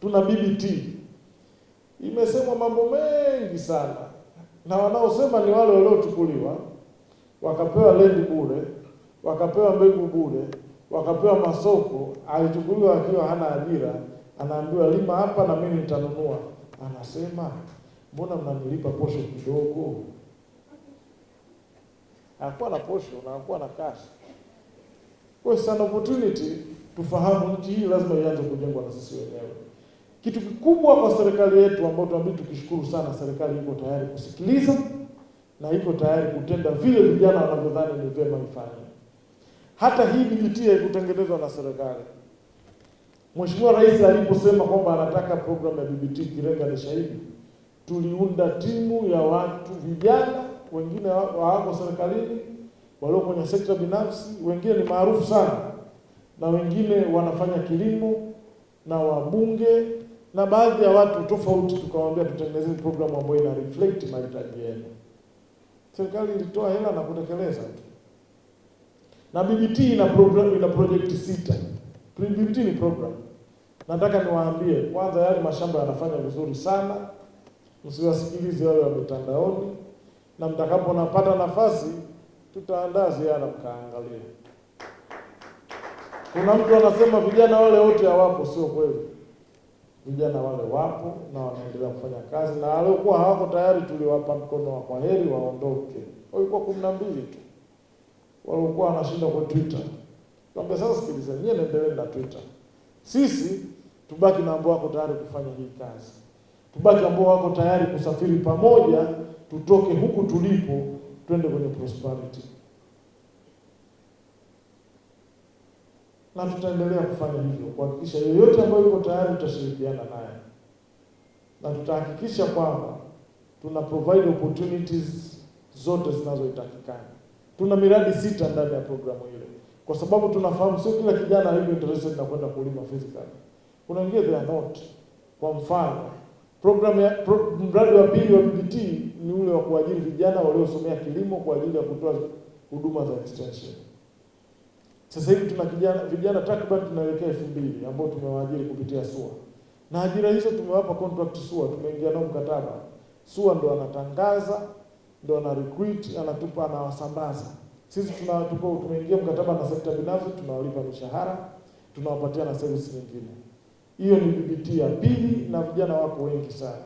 Tuna BBT imesemwa mambo mengi sana, na wanaosema ni wale waliochukuliwa wakapewa lendi bure, wakapewa mbegu bure, wakapewa masoko. Alichukuliwa akiwa hana ajira, anaambiwa lima hapa na mimi nitanunua, anasema mbona mnanilipa posho kidogo? Hakuwa na posho na hakuwa na cash. Kwa hiyo opportunity, tufahamu nchi hii lazima ianze kujengwa na sisi wenyewe. Kitu kikubwa kwa serikali yetu ambayo tunabidi tukishukuru sana, serikali iko tayari kusikiliza na iko tayari kutenda vile vijana wanavyodhani ni vyema ifanye. Hata hii BBT kutengenezwa na serikali. Mheshimiwa Rais aliposema kwamba anataka programu ya BBT, Kirenga ni shahidi, tuliunda timu ya watu vijana, wengine hawako serikalini, walio kwenye sekta binafsi, wengine ni maarufu sana, na wengine wanafanya kilimo na wabunge na baadhi ya watu tofauti, tukawaambia tutengenezeni programu ambayo ina reflect mahitaji yenu. Serikali ilitoa hela na kutekeleza tu, na BBT ina programu, ina project sita. BBT ni program. Nataka niwaambie kwanza, yale mashamba yanafanya vizuri sana, msiwasikilize wale wa mitandaoni, na mtakaponapata nafasi tutaandaa ziara mkaangalia. Kuna mtu anasema vijana wale wote hawapo, sio kweli vijana wale wapo na wanaendelea kufanya kazi, na waliokuwa hawako tayari tuliwapa mkono wa kwaheri waondoke. Walikuwa kumi na mbili tu waliokuwa wanashinda kwa Twitter. Kwamba sasa, sikiliza nyie, naendelee na Twitter, sisi tubaki na ambao wako tayari kufanya hii kazi, tubaki ambao wako tayari kusafiri pamoja, tutoke huku tulipo, twende kwenye prosperity. na tutaendelea kufanya hivyo kuhakikisha yeyote ambayo yuko tayari tutashirikiana naye, na tutahakikisha kwamba tuna provide opportunities zote zinazohitajikana. Tuna miradi sita ndani ya programu ile, kwa sababu tunafahamu sio kila kijana alivyo interested na kwenda kulima physically. Kuna wengine they are not. Kwa mfano program ya pro, mradi wa pili wa BBT ni ule wa kuajiri vijana waliosomea kilimo kwa ajili ya kutoa huduma za extension. Sasa hivi tuna vijana vijana takriban tunaelekea elfu mbili ambao tumewaajiri kupitia SUA na ajira hizo tumewapa contract SUA, tumeingia nao mkataba. SUA ndo anatangaza ndo ana recruit anatupa anawasambaza. Sisi tuna tuko tumeingia mkataba na sekta binafsi, tunawalipa mishahara, tunawapatia na service nyingine. Hiyo ni BBT ya pili, na vijana wako wengi sana.